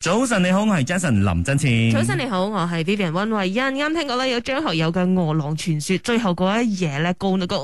早晨你好，我係 Jason 林振前。早晨你好，我係 Vivian 溫慧欣。啱聽過咧有張學友嘅《餓狼傳說》，最後嗰一夜咧高到個，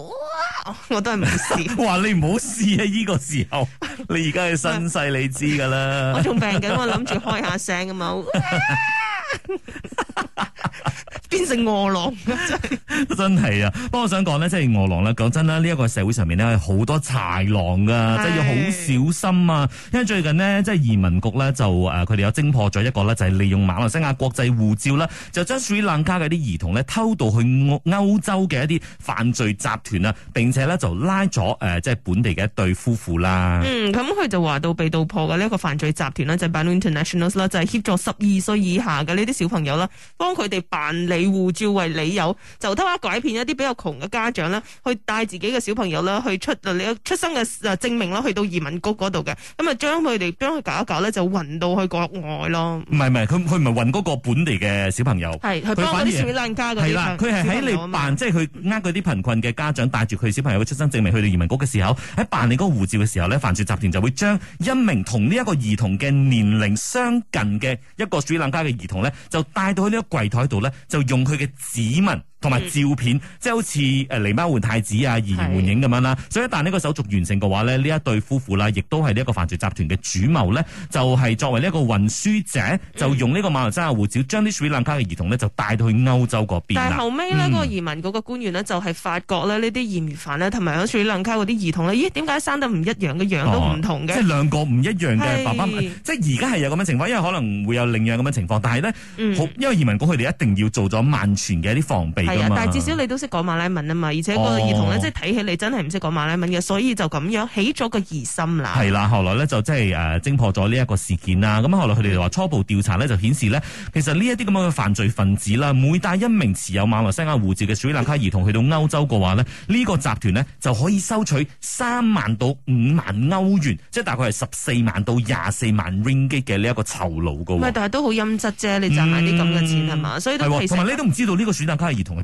我都係冇事。哇！ 你唔好試啊！依、這個時候，你而家係身世，你知噶啦。 我仲病緊，我諗住開下聲啊嘛。 變成餓狼， 真係啊！不過我想講呢，即係餓狼咧，講真啦，呢一個社會上面呢，好多豺狼噶，即係要好小心啊！因為最近呢，即係移民局咧就誒，佢哋有偵破咗一個呢，就係利用馬來西亞國際護照啦，就將斯里蘭卡嘅啲兒童呢，偷渡去歐洲嘅一啲犯罪集團啊，並且呢就拉咗誒，即係本地嘅一對夫婦啦。嗯，咁、嗯、佢就話到被盜破嘅呢一個犯罪集團呢，就係 Ban International 啦，就係協助十二歲以下嘅呢啲小朋友啦，幫佢哋辦理。以護照為理由，就偷啊拐騙一啲比較窮嘅家長咧，去帶自己嘅小朋友啦，去出啊出生嘅證明啦，去到移民局嗰度嘅，咁啊將佢哋將佢搞一搞咧，就運到去國外咯。唔係唔係，佢佢唔係運嗰個本地嘅小朋友，係佢幫嗰啲水冷家嗰啲，佢係喺你辦即係佢呃嗰啲貧困嘅家長帶住佢小朋友嘅出生證明去到移民局嘅時候，喺辦理嗰個護照嘅時候咧，犯罪集團就會將一名同呢一個兒童嘅年齡相近嘅一個水冷家嘅兒童咧，就帶到去呢個櫃台度咧就。用佢嘅指紋。同埋照片，嗯、即係好似誒狸貓換太子啊、移形換影咁樣啦。所以一旦呢個手續完成嘅話咧，呢一對夫婦啦，亦都係呢一個犯罪集團嘅主謀呢就係、是、作為呢一個運輸者，嗯、就用呢個馬來西亞護照，將啲斯里蘭卡嘅兒童呢就帶到去歐洲嗰邊。但係後尾呢嗰、嗯那個移民局嘅官員呢，就係發覺咧呢啲嫌疑犯呢同埋斯里蘭卡嗰啲兒童呢，咦？點解生得唔一樣嘅樣都唔同嘅？哦？即係兩個唔一樣嘅爸爸。即係而家係有咁樣情況，因為可能會有領養咁樣情況，但係呢、嗯，因為移民局佢哋一定要做咗萬全嘅一啲防備。係啊，但係至少你都識講馬拉文啊嘛，而且個兒童咧、哦，即係睇起嚟真係唔識講馬拉文嘅，所以就咁樣起咗個疑心啦。係啦、啊，後來咧就即係誒，偵、呃、破咗呢一個事件啦。咁後來佢哋就話初步調查咧，就顯示呢，其實呢一啲咁樣嘅犯罪分子啦，每帶一名持有馬來西亞護照嘅斯里蘭卡兒童去到歐洲嘅話呢，呢、這個集團呢，就可以收取三萬到五萬歐元，即係大概係十四萬到廿四萬 ringgit 嘅呢一個酬勞嘅。係，但係都好陰質啫，你賺埋啲咁嘅錢係嘛、嗯？所以都同埋、啊、你都唔知道呢個斯里蘭卡兒童。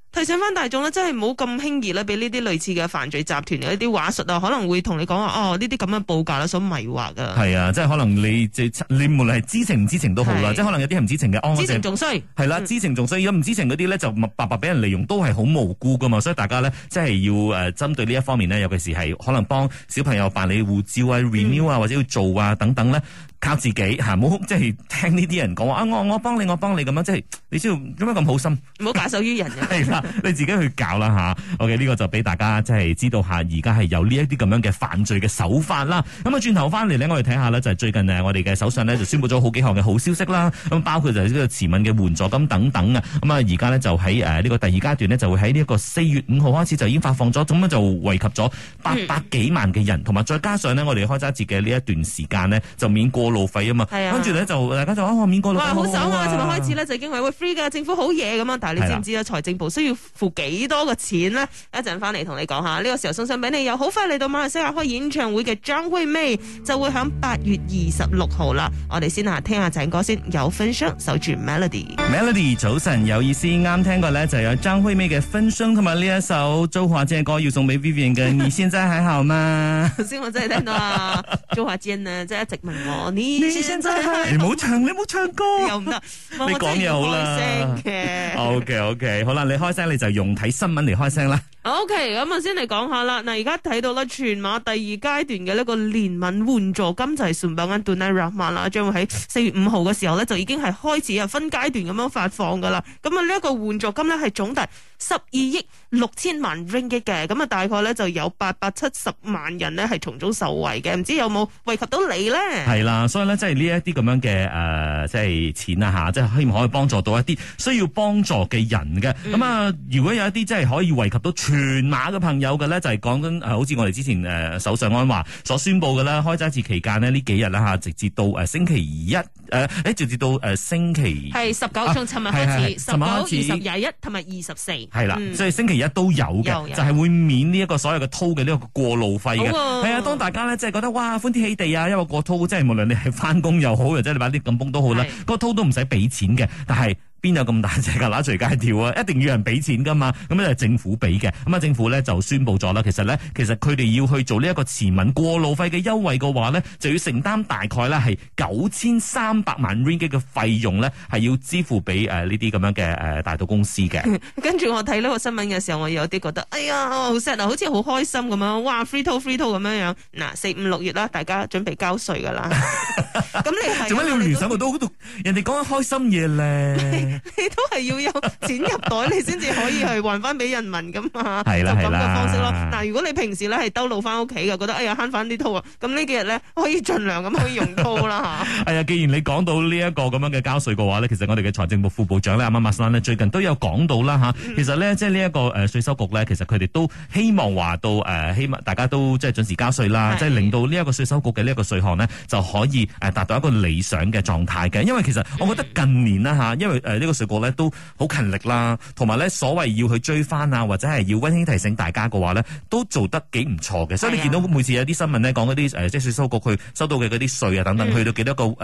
提醒翻大眾咧，真係唔好咁輕易咧，俾呢啲類似嘅犯罪集團嘅一啲話術啊，可能會同你講話哦，呢啲咁樣報價所迷惑噶。係啊，即係可能你即係無論係知情唔知情都好啦，即係可能有啲係唔知情嘅，嗯。知情仲衰係啦，知情仲衰，如果唔知情嗰啲咧就白白俾人利用，都係好無辜噶嘛。所以大家咧，即係要誒針對呢一方面呢，尤其是係可能幫小朋友辦理護照啊、renew 啊或者要做啊等等咧，靠自己吓，唔、啊、好即係聽呢啲人講話啊，我幫你，我幫你咁樣，即係你知道點解咁好心？唔好假手於人、啊 你自己去搞啦吓，OK 呢個就俾大家即係知道下，而家係有呢一啲咁樣嘅犯罪嘅手法啦。咁啊轉頭翻嚟咧，我哋睇下咧，就係、最近呢，我哋嘅首相咧就宣布咗好幾項嘅好消息啦。咁包括就呢個慈憫嘅援助金等等啊。咁啊而家咧就喺誒呢個第二階段咧，就會喺呢一個四月五號開始就已經發放咗，咁就惠及咗八百幾萬嘅人，同、嗯、埋再加上咧我哋開齋節嘅呢一段時間呢，就免過路費啊嘛。啊，跟住咧就大家就免過路費好爽、啊、尋日開始咧就已經話喂 free 噶，政府好嘢咁啊。但係你知唔知啊？財政部需要。要付幾多嘅錢咧？回來跟一陣翻嚟同你講下。呢個時候送上俾你又好快嚟到馬來西亞開演唱會嘅張惠妹，就會響八月二十六號啦。我哋先啊，聽下整個歌先。有分享守住 Melody，Melody 早晨有意思啱聽過咧，就有張惠妹嘅分享同埋呢一首周華健嘅歌，要送俾 Vivian 嘅。你現在還好嗎？頭先 我真係聽到啊， 周華健啊，真係一直問我你你現在好嗎？你冇 唱，你冇唱歌， 又唔得。你講嘢好嘅。」O K O K，好啦，你開聲。你就用睇新聞嚟開聲啦。O K，咁啊先嚟講下啦。嗱，而家睇到咧，全馬第二階段嘅呢個聯盟援助金就係三百蚊到呢六萬啦，將會喺四月五號嘅時候咧就已經係開始啊分階段咁樣發放噶啦。咁啊呢一個援助金咧係總計十二億六千萬 ringgit 嘅。咁啊大概咧就有八百七十萬人呢係從中受惠嘅。唔知有冇惠及到你咧？係啦，所以咧即係呢一啲咁樣嘅誒，即係錢啊吓，即係希望可以幫助到一啲需要幫助嘅人嘅。咁、嗯、啊～如果有一啲真係可以惠及到全馬嘅朋友嘅咧，就係講緊好似我哋之前誒、呃，首相安華所宣布嘅啦，開齋節期間呢，呢幾日啦吓，直接到誒、呃、星期一誒，誒、呃、直至到誒星期係十九，從尋日開始，十九、二十、廿一同埋二十四係啦，即、嗯、係星期一都有嘅，就係、是、會免呢一個所有嘅拖嘅呢個過路費嘅。係啊，啊，當大家咧即係覺得哇，歡天喜，喜地啊，因為過拖即係無論你係翻工又好，又或者你啲咁泵都好啦，個拖都唔使俾錢嘅，但係。邊有咁大隻噶？乸隨街跳啊！一定要人俾錢噶嘛，咁係政府俾嘅。咁啊政府咧就宣布咗啦。其實咧，其實佢哋要去做呢一個持民過路費嘅優惠嘅話咧，就要承擔大概咧係九千三百萬 ringgit 嘅費用咧，係要支付俾誒呢啲咁樣嘅誒大道公司嘅。 跟住我睇呢個新聞嘅時候，我有啲覺得，哎呀，好 sad 啊，好似好開心咁樣，哇，free to free to 咁樣樣。嗱，四五六月啦，大家準備交稅噶啦。咁 係你做乜你要聯想到都 人哋講緊開心嘢咧？ 你都係要有錢入袋，你先至可以去還翻俾人民噶嘛？係 啦、啊，就咁嘅方式咯。嗱、啊啊，如果你平時咧係兜路翻屋企嘅，覺得哎呀慳翻啲套啊，咁呢幾日咧可以盡量咁去用套啦吓。係 啊、哎，既然你講到呢一個咁樣嘅交稅嘅話咧，其實我哋嘅財政部副部長咧阿麥麥生最近都有講到啦吓。其實咧即係呢一個誒稅收局咧，其實佢哋都希望話到誒，希望大家都即係準時交稅啦，即係、就是、令到呢一個稅收局嘅呢一個稅項呢就可以誒達到一個理想嘅狀態嘅。因為其實我覺得近年啦吓、嗯，因為誒。這個、水呢個稅局咧都好勤力啦，同埋咧所謂要去追翻啊，或者係要溫馨提醒大家嘅話咧，都做得幾唔錯嘅。所以你見到每次有啲新聞咧講嗰啲即係稅收局佢收到嘅嗰啲稅啊等等、嗯，去到幾多個誒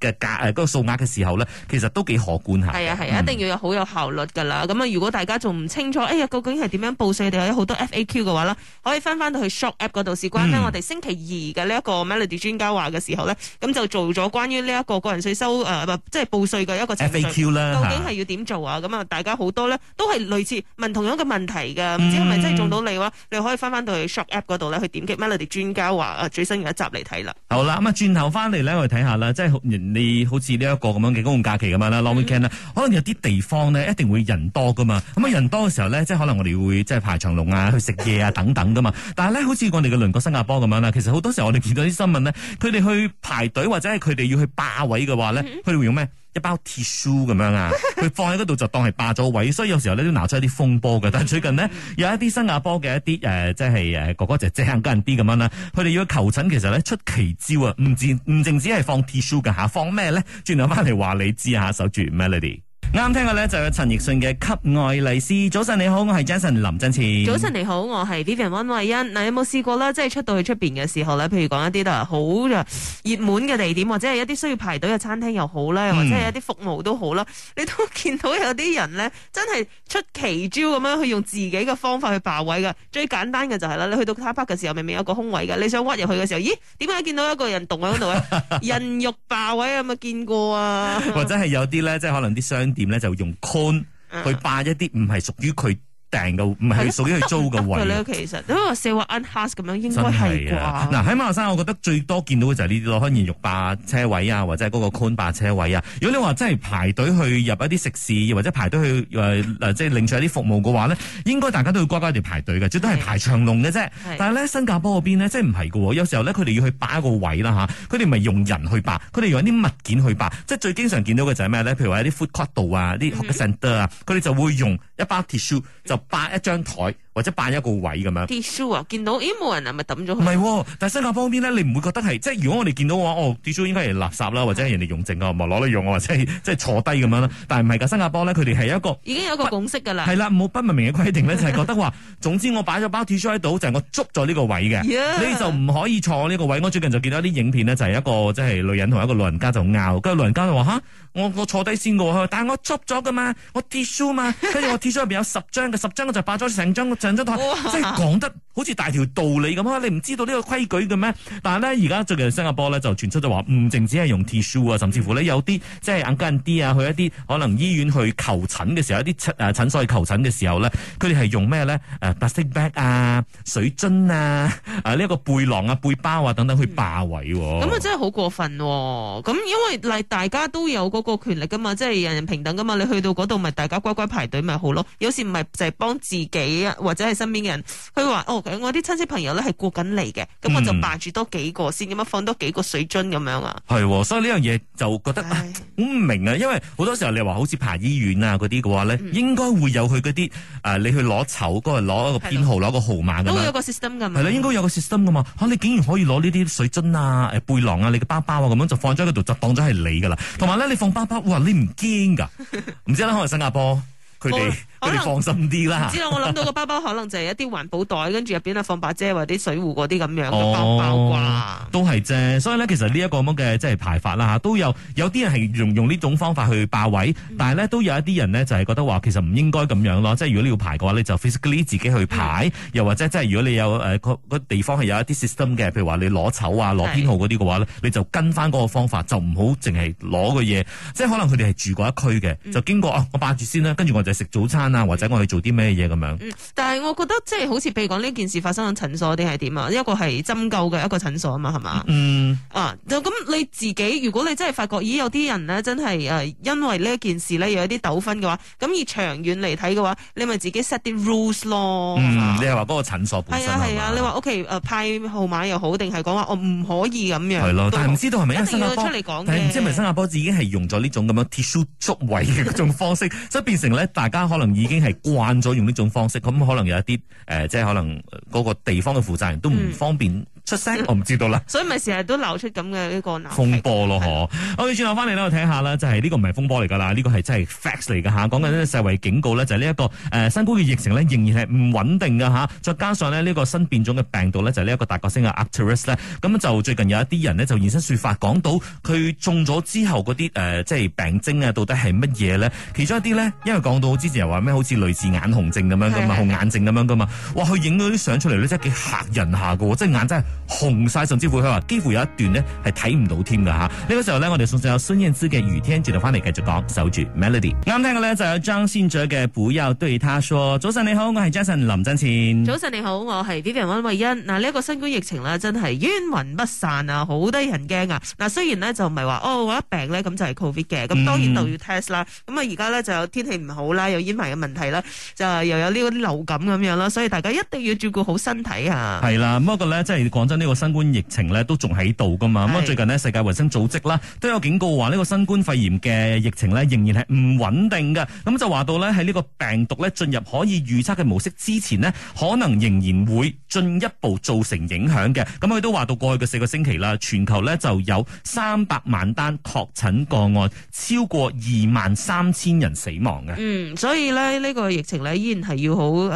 嘅價嗰個數額嘅時候咧，其實都幾可觀。係啊係啊，一定要有好有效率㗎啦。咁、嗯、啊，如果大家仲唔清楚，哎呀究竟係點樣報稅定係有好多 FAQ 嘅話咧，可以翻翻到去 Shop App 嗰度。事關於我哋星期二嘅呢一個 Melody 專家話嘅時候咧，咁就做咗關於呢一個個人稅收即係、呃就是、報稅嘅一個 FAQ 啦。究竟係要點做啊？咁啊，大家好多咧，都係類似問同樣嘅問題噶，唔知係咪真係中到你話，嗯，你可以翻翻到去 Shop App 嗰度咧，去點擊 Melody 專家話最新嘅一集嚟睇啦。好啦，咁啊，轉頭翻嚟咧，我哋睇下啦，即係你好似呢一個咁樣嘅公共假期咁樣啦，Long Weekend 啦，可能有啲地方呢，一定會人多噶嘛。咁啊，人多嘅時候呢，即係可能我哋會即係排長龍啊，去食嘢啊等等噶嘛。 但係呢，好似我哋嘅鄰國新加坡咁樣啦，其實好多時候我哋見到啲新聞呢，佢哋去排隊或者係佢哋要去霸位嘅話呢，佢、嗯、哋會用咩？一包 tissue 咁樣啊，佢放喺嗰度就當係霸咗位，所以有時候咧都拿出一啲風波㗎。但最近呢，有一啲新加坡嘅一啲誒，即係誒哥哥就精更啲咁樣啦，佢哋要求診，其實咧出奇招啊，唔止唔淨止係放 tissue 㗎，吓放咩咧？轉頭翻嚟話你知啊，守住 Melody。啱聽嘅咧就係陳奕迅嘅《給愛麗絲》早。早晨你好，我係 Jason 林振前。早晨你好，我係 Vivian 溫慧欣。嗱，有冇試過咧？即係出到去出邊嘅時候咧，譬如講一啲啦，好熱門嘅地點，或者係一啲需要排隊嘅餐廳又好咧，或者係一啲服務都好啦，嗯，你都見到有啲人咧，真係出奇招咁樣去用自己嘅方法去霸位嘅。最簡單嘅就係、是、啦，你去到 car park 嘅時候，明明有一個空位嘅，你想屈入去嘅時候，咦？點解見到一個人動喺嗰度咧？ 人肉霸位沒有冇見過啊？或者係有啲咧，即係可能啲商店。咧就用 con 去霸，霸一啲唔係屬於佢。唔係佢屬於佢租嘅位其實都果話寫 u n h u s 咁樣，應該係嗱喺馬來西我覺得最多見到嘅就係呢啲攞可能鹽霸車位啊，或者係嗰個霸車位啊。如果你話真係排隊去入一啲食肆，或者排隊去即係、呃就是、領取一啲服務嘅話呢應該大家都會乖乖哋排隊嘅，只都係排長龍嘅啫。但係咧新加坡嗰邊呢即係唔係嘅？有時候佢哋要去霸一個位啦佢哋唔係用人去霸，佢哋用啲物件去霸，即係最經常見到嘅就係咩譬如話一啲 f o o c u t 啊，啲 h c e n t e r 啊，佢、嗯、哋就會用一包 tissue 就。擺一張台。或者扮一個位咁樣。Tissue 啊，見到咦冇人啊，咪抌咗佢。唔 係、啊，但係新加坡嗰邊咧，你唔會覺得係即係如果我哋見到嘅話，哦 Tissue 應該係垃圾啦，或者係人哋用剩嘅、啊，唔係攞嚟用，或者係即係坐低咁樣啦。但係唔係㗎，新加坡咧佢哋係一個已經有一個共識㗎啦。係啦，冇不文明嘅規定咧，就係、是、覺得話， 總之我擺咗包 Tissue 喺度就係、是、我捉咗呢個位嘅，yeah. 你就唔可以坐呢個位。我最近就見到啲影片咧，就係、是、一個即係、就是、女人同一個老人家就拗，跟住老人家就話吓、啊，我我坐低先過去。」但係我捉咗㗎嘛，我 Tissue 嘛，跟住我 Tissue 入邊有十張嘅， 十張我就擺咗成張。即係講得好似大條道理咁啊！你唔知道呢個規矩嘅咩？但係咧，而家最近新加坡咧就傳出就話，唔淨止係用 Tissue 啊，甚至乎呢，有啲即係安哥安娣啊，去一啲可能醫院去求診嘅時候，一啲診、啊、診所去求診嘅時候咧，佢哋係用咩咧？誒，白色 bag 啊，水樽啊，誒呢一個背囊啊，背包啊等等去霸位、啊，咁、嗯、啊真係好過分、哦。咁因為嚟大家都有嗰個權力噶嘛，即、就、係、是、人人平等噶嘛。你去到嗰度咪大家乖乖排隊咪好咯。有時唔係就係幫自己或或者係身邊嘅人，佢話哦，我啲親戚朋友咧係過緊嚟嘅，咁我就霸住多幾個、嗯、先，咁樣放多幾個水樽咁樣啊。係，所以呢樣嘢就覺得好唔明啊，因為好多時候你話好似爬醫院啊嗰啲嘅話咧、嗯，應該會有佢嗰啲啊，你去攞籌嗰個攞一個編號，攞個號碼，都有個 system 噶，係啦，應該有個 system 噶嘛。吓、啊，你竟然可以攞呢啲水樽啊、誒、呃、背囊啊、你嘅包包啊，咁樣就放咗喺度，就當咗係你噶啦。同埋咧，你放包包，哇，你唔驚噶？唔 知啦，可能新加坡佢哋。他們 放心啲啦，我知道我諗到個包包可能就係一啲環保袋，跟住入邊啊放把遮或者啲水壺嗰啲咁樣嘅包包啩、哦，都係啫。所以咧，其實呢一個咁嘅即係排法啦吓，都有有啲人係用用呢種方法去霸位，嗯、但係咧都有一啲人咧就係覺得話，其實唔應該咁樣咯。即係如果你要排嘅話，你就 physically 自己去排，嗯、又或者即係如果你有誒個、呃、地方係有一啲 system 嘅，譬如話你攞籌啊、攞編號嗰啲嘅話咧，你就跟翻嗰個方法，就唔好淨係攞個嘢。即係可能佢哋係住過一區嘅，就經過、嗯、啊，我霸住先啦，跟住我就食早餐。或者我去做啲咩嘢咁樣？嗯、但係我覺得即係好似譬如講呢件事發生喺診所啲係點啊？一個係針灸嘅一個診所啊嘛，係嘛？嗯啊，就咁你自己，如果你真係發覺咦有啲人咧真係誒、呃，因為呢一件事咧有一啲糾紛嘅話，咁而長遠嚟睇嘅話，你咪自己 set 啲 rules 咯。嗯、你係話嗰個診所本身係啊係啊，啊你話 O K 誒派號碼又好，定係講話我唔可以咁樣？係咯，但係唔知道係咪新加坡？但係唔知係咪新加坡已經係用咗呢種咁樣貼身捉位嘅嗰種方式， 所以變成咧大家可能。已經係慣咗用呢種方式，咁可能有一啲誒、呃，即係可能嗰個地方嘅負責人都唔方便。出聲我唔知道啦， 所以咪成日都流出咁嘅呢個風波咯，嗬。OK，轉頭翻嚟啦，我睇下啦，就係呢個唔係風波嚟噶啦，呢個係真係 facts 嚟噶吓。講緊呢個世衛警告呢，就係呢一個誒，新冠嘅疫情呢，仍然係唔穩定噶吓。再加上咧呢個新變種嘅病毒呢，就係呢一個大角星嘅 Arcturus 咧，咁就最近有一啲人呢，就現身說法，講到佢中咗之後嗰啲誒，即係病徵啊，到底係乜嘢呢？其中一啲呢，因為講到之前又話咩好似類似眼紅症咁樣噶嘛，紅眼症咁樣噶嘛。哇，佢影到啲相出嚟咧，真係幾吓人下噶，即係眼真係。紅晒，甚至乎佢話幾乎有一段呢係睇唔到添噶吓。呢、呢個時候呢，我哋送上有孫燕姿嘅《雨天》接到翻嚟繼續講，守住 melody。啱聽嘅呢，就有張信哲嘅《不要對他說》。早晨你好，我係 Jason 林振前。早晨你好，我係 Vivian 温慧欣。嗱呢一個新冠疫情啦，真係冤魂不散啊，好多人驚啊。嗱雖然呢就唔係話哦，我一病呢，咁就係 covid 嘅，咁、嗯、當然就要 test 啦。咁啊而家呢，就有天氣唔好啦，有煙霾嘅問題啦，就又有呢個啲流感咁樣啦，所以大家一定要照顧好身體啊。係啦，不過呢，真係。講真，呢個新冠疫情咧都仲喺度噶嘛？咁啊，最近呢，世界衞生組織啦都有警告話，呢個新冠肺炎嘅疫情咧仍然係唔穩定嘅。咁就話到咧，喺呢個病毒咧進入可以預測嘅模式之前呢，可能仍然會進一步造成影響嘅。咁佢都話到過去嘅四個星期啦，全球咧就有三百萬單確診個案，超過二萬三千人死亡嘅。嗯，所以咧呢、呢個疫情咧依然係要好誒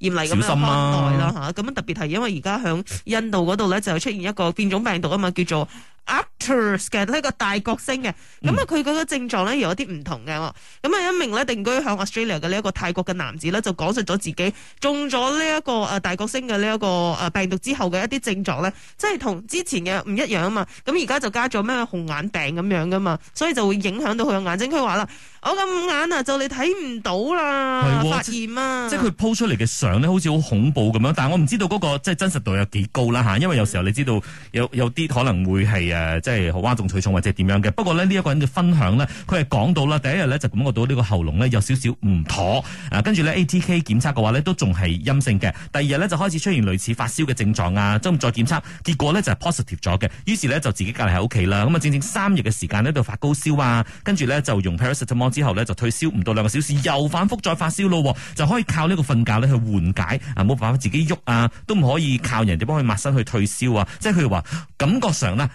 嚴厲咁樣看待啦嚇。咁啊，啊特別係因為而家響印度的嗰度咧就出現一個變種病毒啊嘛，叫做 Actors 嘅呢個大角星嘅，咁啊佢嗰個症狀咧有啲唔同嘅，咁啊一名咧定居喺 Australia 嘅呢一個泰國嘅男子咧就講述咗自己中咗呢一個誒大角星嘅呢一個誒病毒之後嘅一啲症狀咧，即係同之前嘅唔一樣啊嘛，咁而家就加咗咩紅眼病咁樣噶嘛，所以就會影響到佢嘅眼睛佢話啦，我咁眼啊就你睇唔到啦，發炎啊，即係佢鋪出嚟嘅相咧好似好恐怖咁樣，但係我唔知道嗰個即係真實度有幾高啦吓，因為有時候你知道有有啲可能會係。誒，即係好嘩眾取寵或者點樣嘅？不過呢，呢、這、一個人嘅分享呢，佢係講到啦，第一日呢，就感覺到呢個喉嚨呢有少少唔妥，啊，跟住呢 ATK 檢測嘅話呢，都仲係陰性嘅。第二日呢，就開始出現類似發燒嘅症狀啊，唔再檢測結果呢就係、是、positive 咗嘅。於是呢，就自己隔離喺屋企啦。咁啊整整三日嘅時間喺度發高燒啊，跟住呢，就用 paracetamol 之後呢，就退燒，唔到兩個小時又反覆再發燒咯、啊，就可以靠呢個瞓覺呢去緩解啊，冇辦法自己喐啊，都唔可以靠人哋幫佢抹身去退燒啊，即係佢話感覺上呢。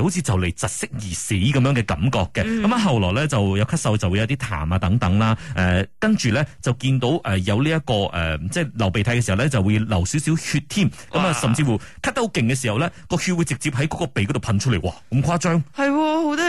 好似就嚟窒息而死咁樣嘅感覺嘅，咁、嗯、啊後來咧就有咳嗽，就會有啲痰啊等等啦，誒跟住咧就見到誒有呢、這、一個誒、呃、即係流鼻涕嘅時候咧就會流少少血添，咁啊甚至乎咳得好勁嘅時候咧個血會直接喺嗰個鼻嗰度噴出嚟，哇，咁誇張。驚，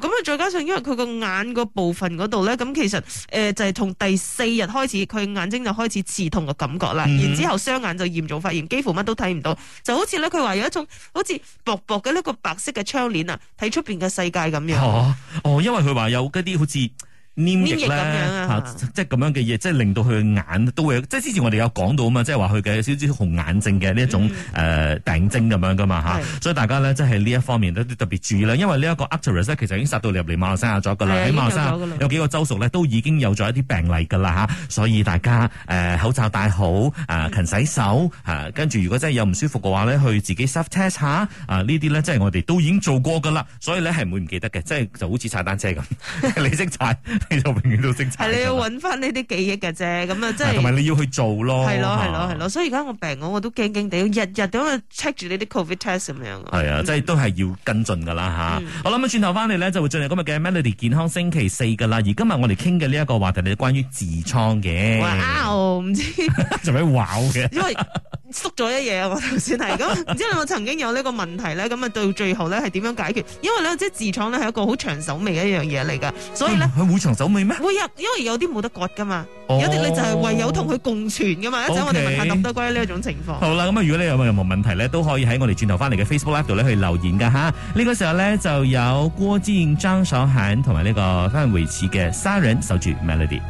咁 啊再加上因為佢個眼個部分嗰度咧，咁其實誒就係從第四日開始，佢眼睛就開始刺痛嘅感覺啦、嗯。然之後雙眼就嚴重發炎，幾乎乜都睇唔到，就好似咧佢話有一種好似薄薄嘅呢個白色嘅窗簾啊，睇出邊嘅世界咁樣、啊。哦，因為佢話有嗰啲好似。即係咁樣嘅、啊、嘢，即、啊、係、就是就是、令到佢嘅眼都會，即、就、係、是、之前我哋有講到啊嘛，即係話佢嘅少少紅眼症嘅呢一種誒病症咁樣噶嘛吓，所以大家咧即係呢、就是、一方面都特別注意啦，因為呢一個 Arcturus 咧其實已經殺到入嚟馬來西亞啊咗噶啦，喺馬來西亞有幾個州屬咧都已經有咗一啲病例噶啦吓，所以大家誒、呃、口罩戴好，啊、呃、勤洗手，嗯、啊跟住如果真係有唔舒服嘅話咧，去自己 self test 下，啊呢啲咧即係我哋都已經做過噶啦，所以咧係唔會唔記得嘅，即、就、係、是、就好似踩單車咁， 你識懂踩。 你 就永遠都精彩。係你要搵翻呢啲記憶嘅啫，咁啊、就是，即係同埋你要去做咯。係咯，係咯，係咯，所以而家我病我我都驚驚地，日日都要 check 住呢啲 COVID test 咁樣。係、嗯、啊，即係都係要跟進噶啦吓。好啦，咁轉頭翻嚟咧，就進入今日嘅 Melody 健康星期四噶啦。而今日我哋傾嘅呢一個話題，你關於痔瘡嘅。哇哦，唔知做咩嘅。因為。縮咗一嘢啊！我頭先係咁，唔知我曾經有呢個問題咧，咁 啊到最後咧係點樣解決？因為咧即係痔瘡咧係一個好長手尾嘅一樣嘢嚟噶，所以咧佢會長手尾咩？會啊，因為有啲冇得割噶嘛，oh. 有啲你就係唯有同佢共存噶嘛，一陣我哋問下鄧德歸呢一種情況。好啦，咁啊如果你有冇任何問題咧，都可以喺我哋轉頭翻嚟嘅 Facebook 啦度咧去留言噶吓。呢、這個時候咧就有郭之彥、張爽賢同埋呢個范維持嘅《三人守住 Melody》。